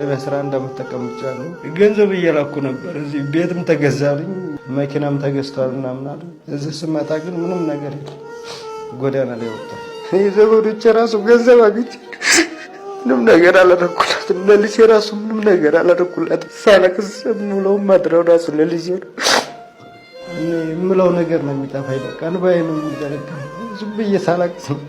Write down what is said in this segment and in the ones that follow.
በስራ እንደምጠቀም ብቻለሁ። ገንዘብ እየላኩ ነበር። እዚህ ቤትም ተገዛልኝ፣ መኪናም ተገዝቷል ምናምን። እዚህ ስመጣ ግን ምንም ነገር ጎዳና ላይ ወጣ። የዘመዶች ራሱ ገንዘብ አግኝቼ ምንም ነገር አላደረኩላትም። ለልጅ ራሱ ምንም ነገር አላደረኩላትም። ሳለቅስ የምውለው ማድረው ራሱ ለልጅ ነው። የምለው ነገር ነው የሚጠፋኝ። በቃ እንባዬ ነው የሚዘረጋ። ዝም ብዬ ሳለቅስ ነው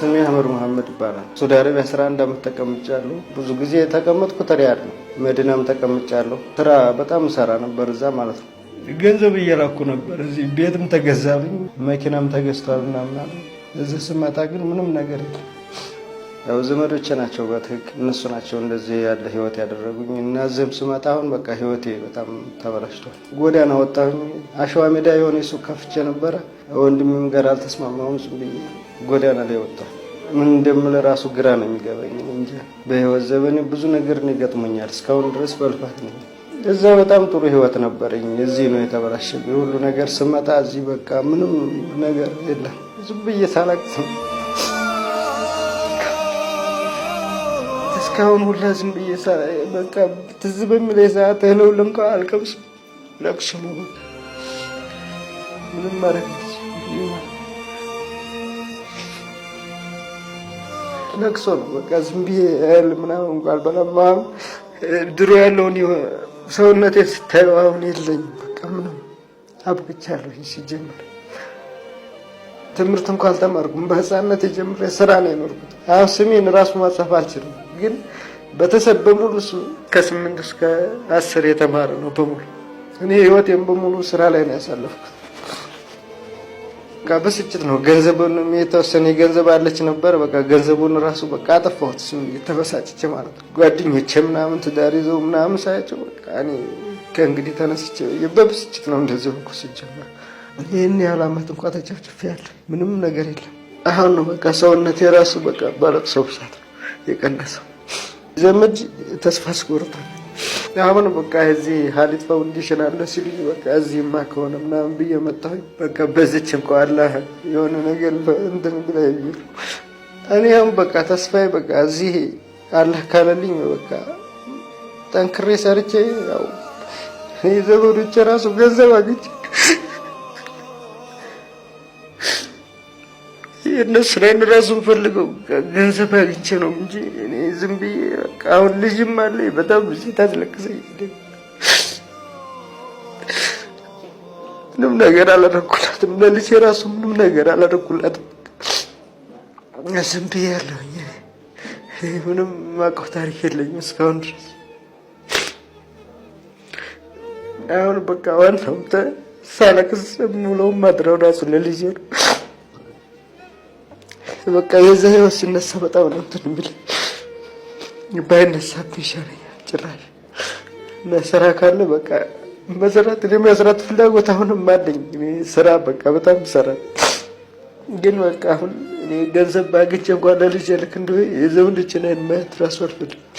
ስሜ ሀመድ መሐመድ ይባላል። ሳውዲ አረቢያ 11 ዓመት ተቀምጫለሁ። ብዙ ጊዜ የተቀመጥኩት ሪያድ ነው። መዲናም ተቀምጫለሁ። ስራ በጣም ሰራ ነበር እዛ ማለት ነው። ገንዘብ እየላኩ ነበር። እዚህ ቤትም ተገዛልኝ፣ መኪናም ተገዝቷል ምናምን። እዚህ ስመጣ ግን ምንም ነገር የለም። ያው ዘመዶቼ ናቸው በትክክል እነሱ ናቸው እንደዚህ ያለ ህይወት ያደረጉኝ እና እዚህም ስመጣ አሁን በቃ ህይወቴ በጣም ተበላሽቷል። ጎዳና ወጣሁኝ። አሸዋ ሜዳ የሆነ ሱቅ ከፍቼ ነበረ። ወንድሜም ጋር አልተስማማሁም። ዝም ብዬ ጎዳና ላይ ወጣሁ። ምን እንደምል ራሱ ግራ ነው የሚገበኝ እንጂ በህይወት ዘመኔ ብዙ ነገር ነው ይገጥሞኛል። እስካሁን ድረስ በልፋት ነኝ። እዛ በጣም ጥሩ ህይወት ነበረኝ። እዚህ ነው የተበላሸብኝ ሁሉ ነገር። ስመጣ እዚህ በቃ ምንም ነገር የለም። ዝም ብዬ ሳላቅት እስካሁን ሁላ ዝም ብዬ በቃ ትዝ በሚለኝ ሰዓት እህለውን እንኳ አልቀምስ ለቅሶ ነው ምንም ማድረግ ለቅሶ ነው በቃ ዝም ብዬ እህል ምናምን እንኳ አልበላም። ድሮ ያለውን ሰውነቴ ስታየው አሁን የለኝም። በቃ ምንም አብቅቻለሁ። ሲጀምር ትምህርት እንኳ አልተማርኩም። በህፃነት የጀምሬ ስራ ነው የኖርኩት። አሁን ስሜን ራሱ ማጻፍ አልችልም። ግን በተሰበሙን እሱ ከስምንት እስከ አስር የተማረ ነው በሙሉ። እኔ ህይወቴን በሙሉ ስራ ላይ ነው ያሳለፍኩት። ብስጭት ነው። ገንዘቡን የተወሰነ ገንዘብ አለች ነበር። በቃ ገንዘቡን ራሱ በቃ አጠፋሁት የተበሳጭች ማለት ነው። ጓደኞቼ ምናምን ትዳር ይዘው ምናምን ሳያቸው በቃ እኔ ከእንግዲህ ተነስቼ በብስጭት ነው እንደዚህ እኮ ስጀመር ይህን ያህል አመት እንኳ ተጨፍጭፍ ያለ ምንም ነገር የለም። አሁን ነው በቃ ሰውነት የራሱ በቃ ባለቅሶ ብዛት ነው የቀነሰው። ዘመድ ተስፋ አስቆርጧል። አሁን በቃ እዚህ ሀሊት ፋውንዴሽን አለ ሲሉኝ በቃ እዚህማ ከሆነ ምናምን ብዬ መጣሁ። በቃ በዚች እንኳ አለ የሆነ ነገር እንትን እኔ እኔም በቃ ተስፋዬ በቃ እዚህ አላህ ካለልኝ በቃ ጠንክሬ ሰርቼ ያው የዘመዶቼ ራሱ ገንዘብ አግኝቼ ላይ እንራሱ ፈልገው ገንዘብ አግኝቼ ነው እንጂ እኔ ዝም ብዬ አሁን ልጅም አለ በጣም ብዙ ታስለቅሰኝ ምንም ነገር አላደረኩላትም። ለልጅ የራሱ ምንም ነገር አላደረኩላትም። ዝም ብዬ ያለሁኝ ምንም የማውቀው ታሪክ የለኝም እስካሁን ድረስ። አሁን በቃ ዋናው ሳለቅስ የምውለው ማድረው ራሱ ለልጅ ነው። በቃ የዛ ህይወት ሲነሳ በጣም ነው እንትን የሚል ባይነሳብኝ ይሻለኛል። ጭራሽ እና ስራ ካለ በቃ መሰራት እኔም መስራት ፍላጎት አሁንም አለኝ። ስራ በቃ በጣም ሰራ ግን በቃ አሁን ገንዘብ አግኝቼ እንኳን ለልጅ ልክ እንደ የዘውን ልጅ ነን ማየት ራሱ አልፈልግም።